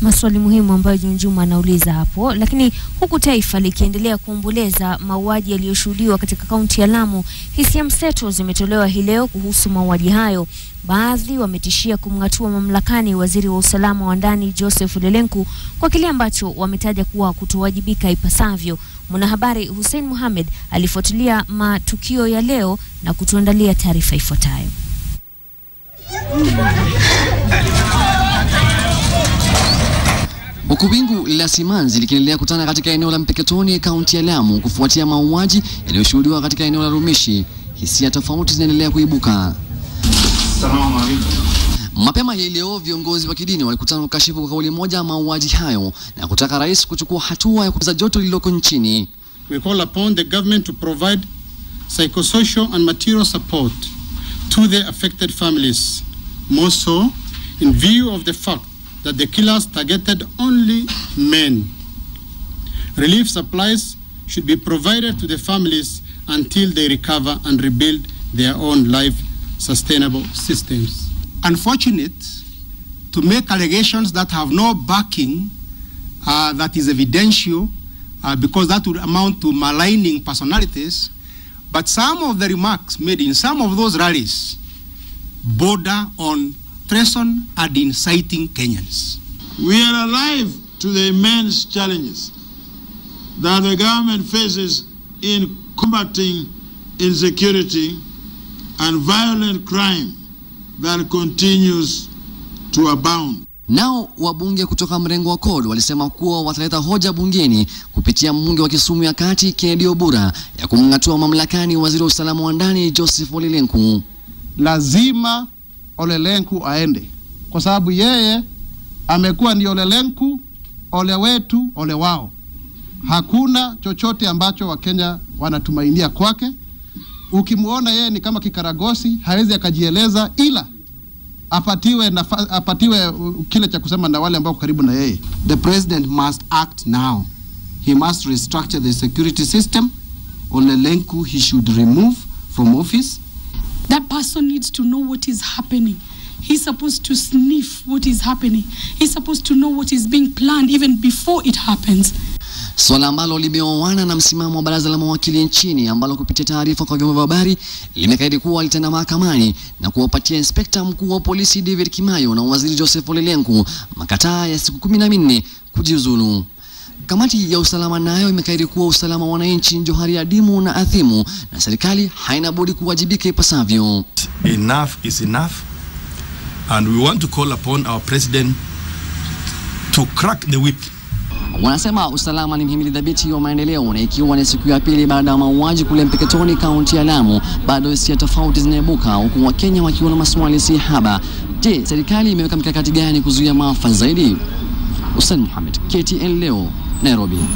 maswali muhimu ambayo Junjuma anauliza hapo. Lakini huku taifa likiendelea kuomboleza mauaji yaliyoshuhudiwa katika kaunti ya Lamu, hisia mseto zimetolewa hii leo kuhusu mauaji hayo. Baadhi wametishia kumng'atua mamlakani waziri wa usalama wa ndani Joseph Lelenku kwa kile ambacho wametaja kuwa kutowajibika ipasavyo. Mwanahabari Hussein Mohamed alifuatilia matukio ya leo na kutuandalia taarifa ifuatayo. Huku wingu la simanzi likiendelea kutana katika eneo la Mpeketoni, kaunti ya Lamu, kufuatia mauaji yaliyoshuhudiwa katika eneo la Rumishi, hisia tofauti zinaendelea kuibuka. Mapema hii leo viongozi wa kidini walikutana kukashifu kwa kauli moja mauaji hayo na kutaka rais kuchukua hatua ya kuza joto lililoko nchini. We call upon the government to provide psychosocial and material support to the affected families, more so in view of the fact that the killers targeted only men. Relief supplies should be provided to the families until they recover and rebuild their own life sustainable systems. Unfortunate to make allegations that have no backing uh, that is evidential uh, because that would amount to maligning personalities. But some of the remarks made in some of those rallies border on treason and inciting Kenyans. We are alive to the immense challenges that the government faces in combating insecurity and violent crime that continues to abound. Nao wabunge kutoka mrengo wa CORD walisema kuwa wataleta hoja bungeni kupitia mbunge wa Kisumu ya Kati Kennedy Obura ya kumng'atua mamlakani waziri wa usalama wa ndani Joseph Ole Lenku. Lazima Olelenku aende, kwa sababu yeye amekuwa ni olelenku ole wetu, ole wao. Hakuna chochote ambacho Wakenya wanatumainia kwake. Ukimwona yeye ni kama kikaragosi, hawezi akajieleza, ila apatiwe, nafa, apatiwe uh, kile cha kusema na wale ambao karibu na yeye. The president must act now. He must restructure the security system. Olelenku he should remove from office. That person needs to know what is happening. He's supposed to sniff what is happening. He's supposed to know what is being planned even before it happens. Swala ambalo limeoana na msimamo wa baraza la mawakili nchini ambalo kupitia taarifa kwa vyombo vya habari limekaidi kuwa litenda mahakamani na kuwapatia inspekta mkuu wa polisi David Kimayo na waziri Joseph Olelenku makataa ya siku kumi na minne kujiuzulu. Kamati ya usalama nayo imekairi kuwa usalama wa wananchi ndio johari adimu na adhimu, na serikali haina budi kuwajibika ipasavyo. Enough is enough and we want to call upon our president to crack the whip. Wanasema usalama ni mhimili dhabiti wa maendeleo, na ikiwa ni siku ya pili baada ya mauaji kule Mpeketoni, kaunti ya Lamu, bado hisia tofauti zinaibuka, huku Wakenya wakiwa na maswali si haba. Je, serikali imeweka mikakati gani kuzuia maafa zaidi? Hussein Mohamed, KTN leo. Nairobi